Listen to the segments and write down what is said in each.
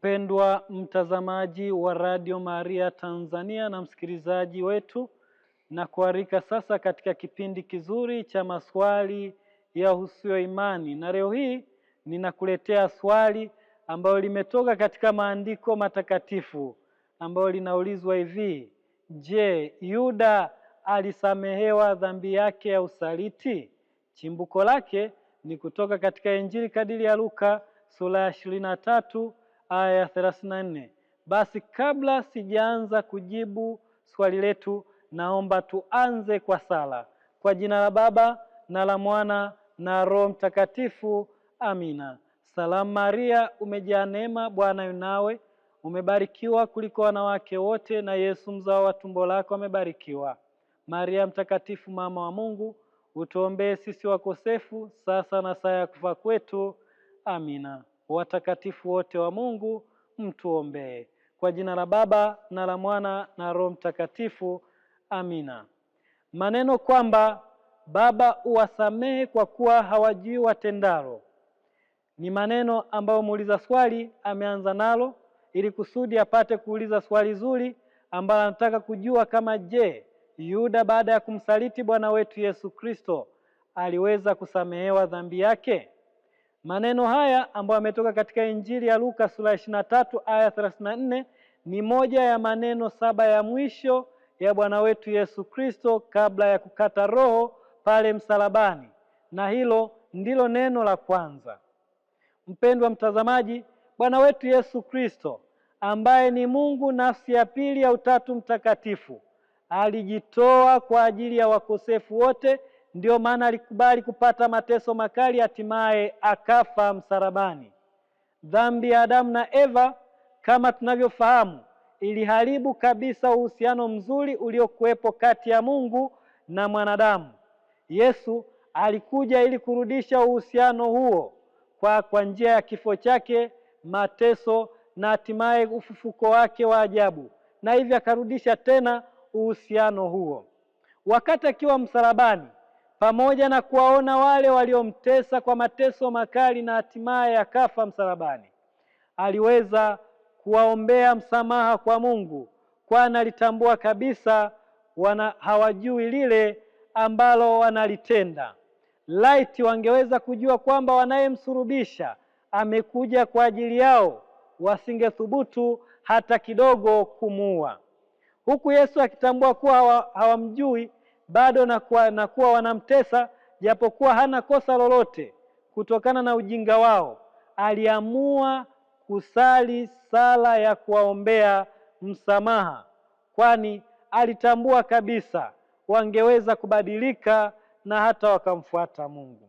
Mpendwa mtazamaji wa Radio Maria Tanzania na msikilizaji wetu, na kualika sasa katika kipindi kizuri cha maswali ya husuyo imani, na leo hii ninakuletea swali ambalo limetoka katika maandiko matakatifu ambalo linaulizwa hivi: Je, Yuda alisamehewa dhambi yake ya usaliti? Chimbuko lake ni kutoka katika Injili kadiri ya Luka sura ya ishirini na tatu aya ya thelathini na nne. Basi kabla sijaanza kujibu swali letu, naomba tuanze kwa sala. Kwa jina la Baba na la Mwana na Roho Mtakatifu, amina. Salamu Maria, umejaa neema, Bwana yu nawe, umebarikiwa kuliko wanawake wote, na Yesu mzao wa tumbo lako amebarikiwa. Maria Mtakatifu, mama wa Mungu, utuombee sisi wakosefu, sasa na saa ya kufa kwetu. Amina watakatifu wote wa Mungu, mtuombee. Kwa jina la Baba na la Mwana na Roho Mtakatifu, amina. Maneno kwamba Baba uwasamehe kwa kuwa hawajui watendalo, ni maneno ambayo muuliza swali ameanza nalo ili kusudi apate kuuliza swali zuri ambalo anataka kujua kama je, Yuda baada ya kumsaliti Bwana wetu Yesu Kristo aliweza kusamehewa dhambi yake? Maneno haya ambayo yametoka katika Injili ya Luka sura ya ishirini na tatu aya thelathini na nne ni moja ya maneno saba ya mwisho ya Bwana wetu Yesu Kristo kabla ya kukata roho pale msalabani, na hilo ndilo neno la kwanza. Mpendwa mtazamaji, Bwana wetu Yesu Kristo ambaye ni Mungu nafsi ya pili ya Utatu Mtakatifu alijitoa kwa ajili ya wakosefu wote Ndiyo maana alikubali kupata mateso makali, hatimaye akafa msalabani. Dhambi ya Adamu na Eva kama tunavyofahamu, iliharibu kabisa uhusiano mzuri uliokuwepo kati ya Mungu na mwanadamu. Yesu alikuja ili kurudisha uhusiano huo kwa kwa njia ya kifo chake, mateso na hatimaye ufufuko wake wa ajabu, na hivyo akarudisha tena uhusiano huo. Wakati akiwa msalabani pamoja na kuwaona wale waliomtesa kwa mateso makali na hatimaye akafa msalabani. Aliweza kuwaombea msamaha kwa Mungu, kwani alitambua kabisa wana hawajui lile ambalo wanalitenda. Laiti wangeweza kujua kwamba wanayemsurubisha amekuja kwa ajili yao, wasingethubutu hata kidogo kumuua. Huku Yesu akitambua kuwa hawamjui bado nakuwa, nakuwa wanamtesa japokuwa hana kosa lolote kutokana na ujinga wao. Aliamua kusali sala ya kuwaombea msamaha, kwani alitambua kabisa wangeweza kubadilika na hata wakamfuata Mungu.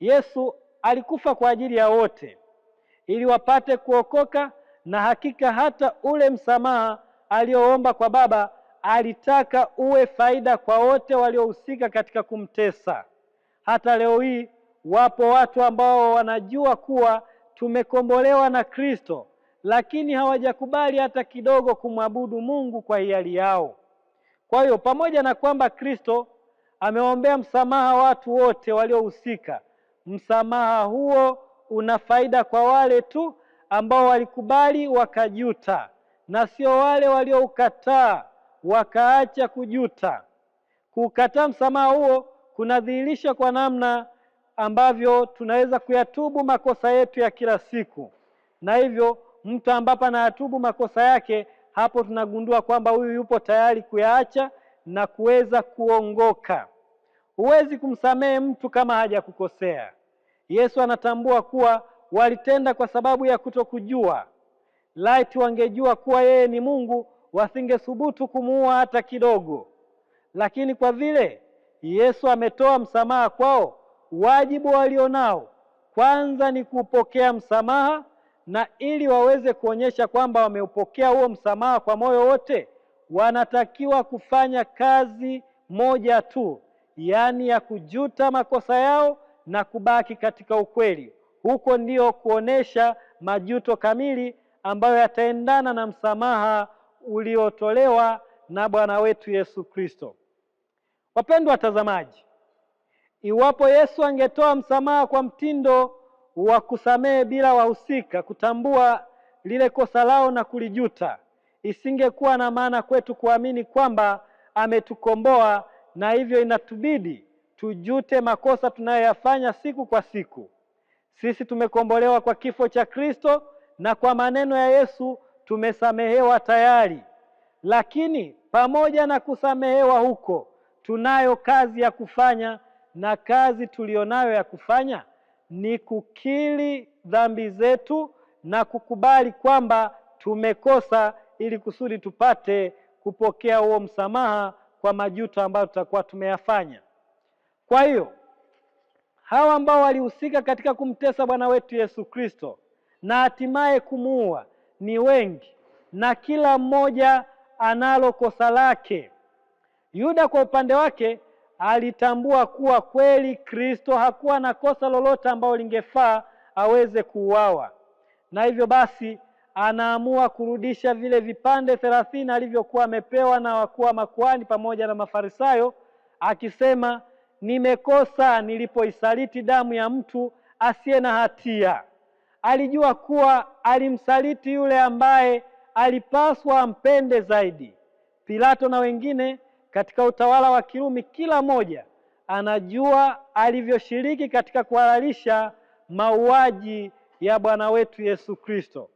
Yesu alikufa kwa ajili ya wote ili wapate kuokoka, na hakika hata ule msamaha alioomba kwa Baba alitaka uwe faida kwa wote waliohusika katika kumtesa. Hata leo hii wapo watu ambao wanajua kuwa tumekombolewa na Kristo, lakini hawajakubali hata kidogo kumwabudu Mungu kwa hiari yao. Kwa hiyo pamoja na kwamba Kristo ameombea msamaha watu wote waliohusika, msamaha huo una faida kwa wale tu ambao walikubali wakajuta, na sio wale walioukataa wakaacha kujuta. Kukataa msamaha huo kunadhihirisha kwa namna ambavyo tunaweza kuyatubu makosa yetu ya kila siku, na hivyo mtu ambapo anayatubu makosa yake, hapo tunagundua kwamba huyu yupo tayari kuyaacha na kuweza kuongoka. Huwezi kumsamehe mtu kama hajakukosea. Yesu anatambua kuwa walitenda kwa sababu ya kutokujua. Laiti wangejua kuwa yeye ni Mungu wasingethubutu kumuua hata kidogo, lakini kwa vile Yesu ametoa msamaha kwao, wajibu walionao kwanza ni kupokea msamaha, na ili waweze kuonyesha kwamba wameupokea huo msamaha kwa moyo wote, wanatakiwa kufanya kazi moja tu, yaani ya kujuta makosa yao na kubaki katika ukweli. Huko ndio kuonesha majuto kamili ambayo yataendana na msamaha uliotolewa na Bwana wetu Yesu Kristo. Wapendwa watazamaji, iwapo Yesu angetoa msamaha kwa mtindo wa kusamehe bila wahusika kutambua lile kosa lao na kulijuta, isingekuwa na maana kwetu kuamini kwamba ametukomboa, na hivyo inatubidi tujute makosa tunayoyafanya siku kwa siku. Sisi tumekombolewa kwa kifo cha Kristo na kwa maneno ya Yesu tumesamehewa tayari, lakini pamoja na kusamehewa huko, tunayo kazi ya kufanya, na kazi tuliyonayo ya kufanya ni kukiri dhambi zetu na kukubali kwamba tumekosa, ili kusudi tupate kupokea huo msamaha kwa majuto ambayo tutakuwa tumeyafanya. Kwa hiyo hawa ambao walihusika katika kumtesa Bwana wetu Yesu Kristo na hatimaye kumuua ni wengi na kila mmoja analo kosa lake. Yuda kwa upande wake alitambua kuwa kweli Kristo hakuwa na kosa lolote ambalo lingefaa aweze kuuawa, na hivyo basi anaamua kurudisha vile vipande thelathini alivyokuwa amepewa na wakuu wa makuhani pamoja na Mafarisayo, akisema nimekosa nilipoisaliti damu ya mtu asiye na hatia alijua kuwa alimsaliti yule ambaye alipaswa ampende zaidi. Pilato na wengine katika utawala wa Kirumi, kila mmoja anajua alivyoshiriki katika kuhalalisha mauaji ya Bwana wetu Yesu Kristo.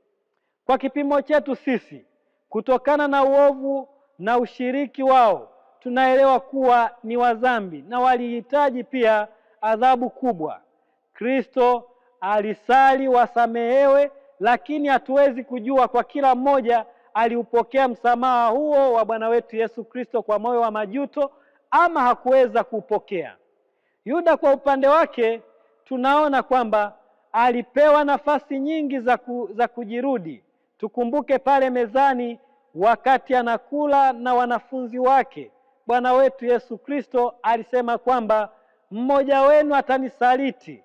Kwa kipimo chetu sisi, kutokana na uovu na ushiriki wao, tunaelewa kuwa ni wazambi na walihitaji pia adhabu kubwa. Kristo alisali wasamehewe, lakini hatuwezi kujua kwa kila mmoja aliupokea msamaha huo wa Bwana wetu Yesu Kristo kwa moyo wa majuto ama hakuweza kuupokea. Yuda kwa upande wake tunaona kwamba alipewa nafasi nyingi za, ku, za kujirudi. Tukumbuke pale mezani wakati anakula na wanafunzi wake, Bwana wetu Yesu Kristo alisema kwamba mmoja wenu atanisaliti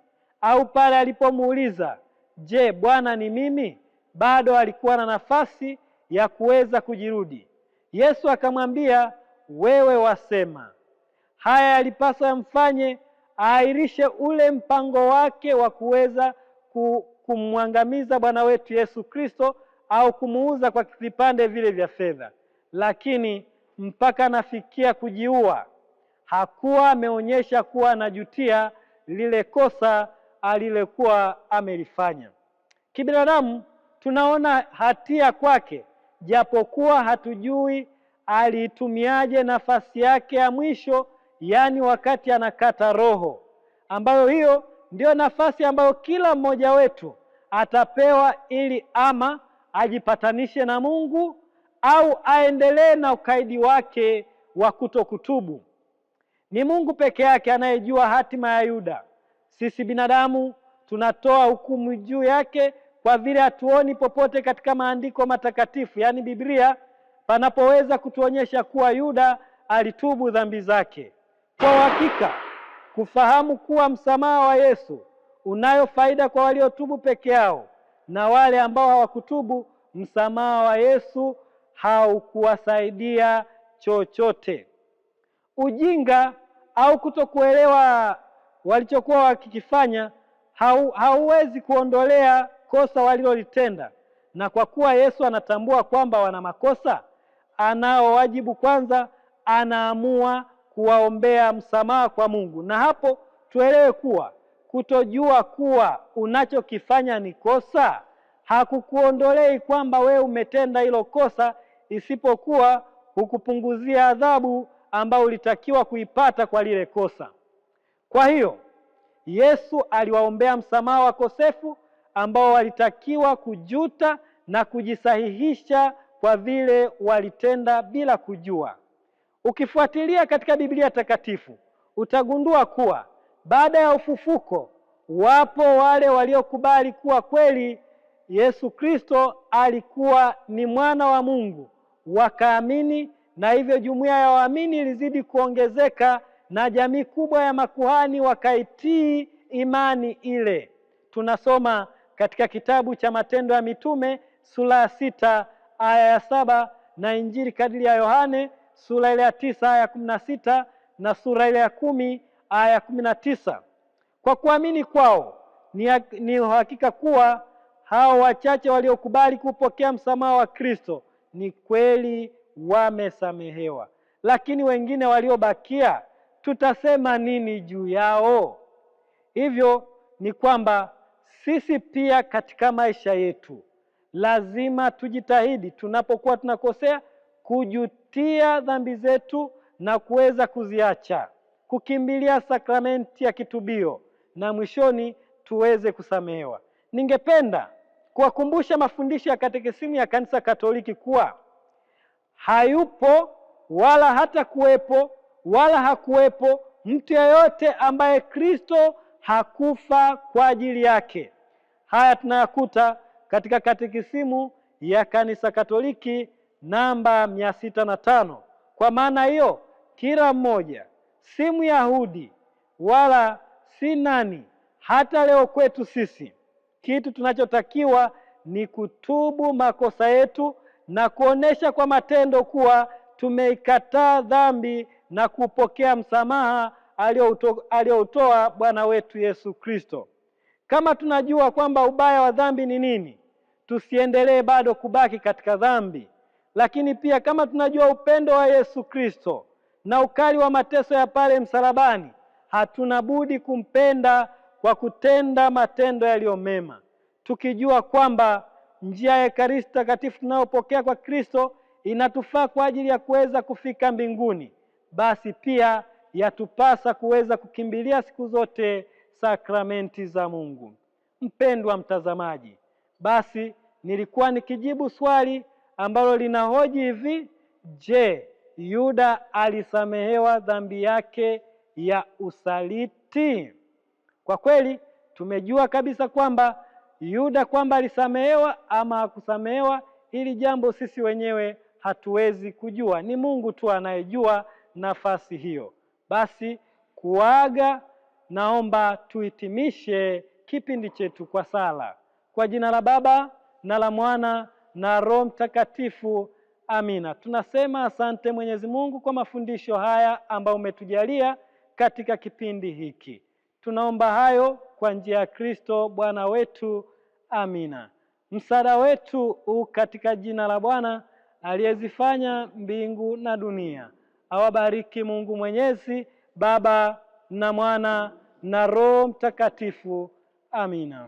au pale alipomuuliza je, Bwana ni mimi? Bado alikuwa na nafasi ya kuweza kujirudi. Yesu akamwambia, wewe wasema. Haya yalipasa yamfanye aahirishe ule mpango wake wa kuweza kumwangamiza Bwana wetu Yesu Kristo au kumuuza kwa vipande vile vya fedha, lakini mpaka anafikia kujiua hakuwa ameonyesha kuwa anajutia lile kosa alilokuwa amelifanya. Kibinadamu tunaona hatia kwake, japokuwa hatujui aliitumiaje nafasi yake ya mwisho, yaani wakati anakata roho, ambayo hiyo ndiyo nafasi ambayo kila mmoja wetu atapewa ili ama ajipatanishe na Mungu au aendelee na ukaidi wake wa kutokutubu. Ni Mungu peke yake anayejua hatima ya Yuda sisi binadamu tunatoa hukumu juu yake kwa vile hatuoni popote katika maandiko matakatifu, yaani Biblia, panapoweza kutuonyesha kuwa Yuda alitubu dhambi zake. Kwa hakika kufahamu kuwa msamaha wa Yesu unayo faida kwa waliotubu peke yao, na wale ambao hawakutubu, msamaha wa Yesu haukuwasaidia chochote. Ujinga au kutokuelewa walichokuwa wakikifanya hau, hauwezi kuondolea kosa walilolitenda, na kwa kuwa Yesu anatambua kwamba wana makosa, anao wajibu kwanza, anaamua kuwaombea msamaha kwa Mungu. Na hapo tuelewe kuwa kutojua kuwa unachokifanya ni kosa hakukuondolei kwamba we umetenda hilo kosa, isipokuwa hukupunguzia adhabu ambayo ulitakiwa kuipata kwa lile kosa. Kwa hiyo Yesu aliwaombea msamaha wakosefu ambao walitakiwa kujuta na kujisahihisha kwa vile walitenda bila kujua. Ukifuatilia katika Biblia takatifu utagundua kuwa baada ya ufufuko wapo wale waliokubali kuwa kweli Yesu Kristo alikuwa ni mwana wa Mungu, wakaamini na hivyo jumuiya ya waamini ilizidi kuongezeka na jamii kubwa ya makuhani wakaitii imani ile. Tunasoma katika kitabu cha Matendo ya Mitume sura ya sita aya ya saba na Injili kadiri ya Yohane sura ile ya tisa aya ya kumi na sita na sura ile ya kumi aya ya kumi na tisa. Kwa kuamini kwao ni uhakika kuwa hao wachache waliokubali kupokea msamaha wa Kristo ni kweli wamesamehewa, lakini wengine waliobakia tutasema nini juu yao? Hivyo ni kwamba sisi pia katika maisha yetu lazima tujitahidi, tunapokuwa tunakosea, kujutia dhambi zetu na kuweza kuziacha, kukimbilia sakramenti ya kitubio na mwishoni tuweze kusamehewa. Ningependa kuwakumbusha mafundisho ya katekisimu ya Kanisa Katoliki kuwa hayupo wala hata kuwepo wala hakuwepo mtu yeyote ambaye Kristo hakufa kwa ajili yake. Haya tunayakuta katika katikisimu ya Kanisa Katoliki namba mia sita na tano. Kwa maana hiyo, kila mmoja si Myahudi wala si nani, hata leo kwetu sisi kitu tunachotakiwa ni kutubu makosa yetu na kuonesha kwa matendo kuwa tumeikataa dhambi na kupokea msamaha aliyoutoa Bwana wetu Yesu Kristo. Kama tunajua kwamba ubaya wa dhambi ni nini, tusiendelee bado kubaki katika dhambi. Lakini pia kama tunajua upendo wa Yesu Kristo na ukali wa mateso ya pale msalabani, hatuna budi kumpenda kwa kutenda matendo yaliyo mema, tukijua kwamba njia ya Ekaristi takatifu tunayopokea kwa Kristo inatufaa kwa ajili ya kuweza kufika mbinguni basi pia yatupasa kuweza kukimbilia siku zote sakramenti za Mungu. Mpendwa mtazamaji, basi nilikuwa nikijibu swali ambalo linahoji hivi: Je, Yuda alisamehewa dhambi yake ya usaliti? Kwa kweli tumejua kabisa kwamba Yuda kwamba alisamehewa ama hakusamehewa, hili jambo sisi wenyewe hatuwezi kujua, ni Mungu tu anayejua nafasi hiyo. Basi kuaga, naomba tuhitimishe kipindi chetu kwa sala. Kwa jina la Baba na la Mwana na Roho Mtakatifu, amina. Tunasema asante Mwenyezi Mungu kwa mafundisho haya ambayo umetujalia katika kipindi hiki. Tunaomba hayo kwa njia ya Kristo Bwana wetu, amina. Msaada wetu u katika jina la Bwana aliyezifanya mbingu na dunia awabariki Mungu Mwenyezi, Baba na Mwana na Roho Mtakatifu. Amina.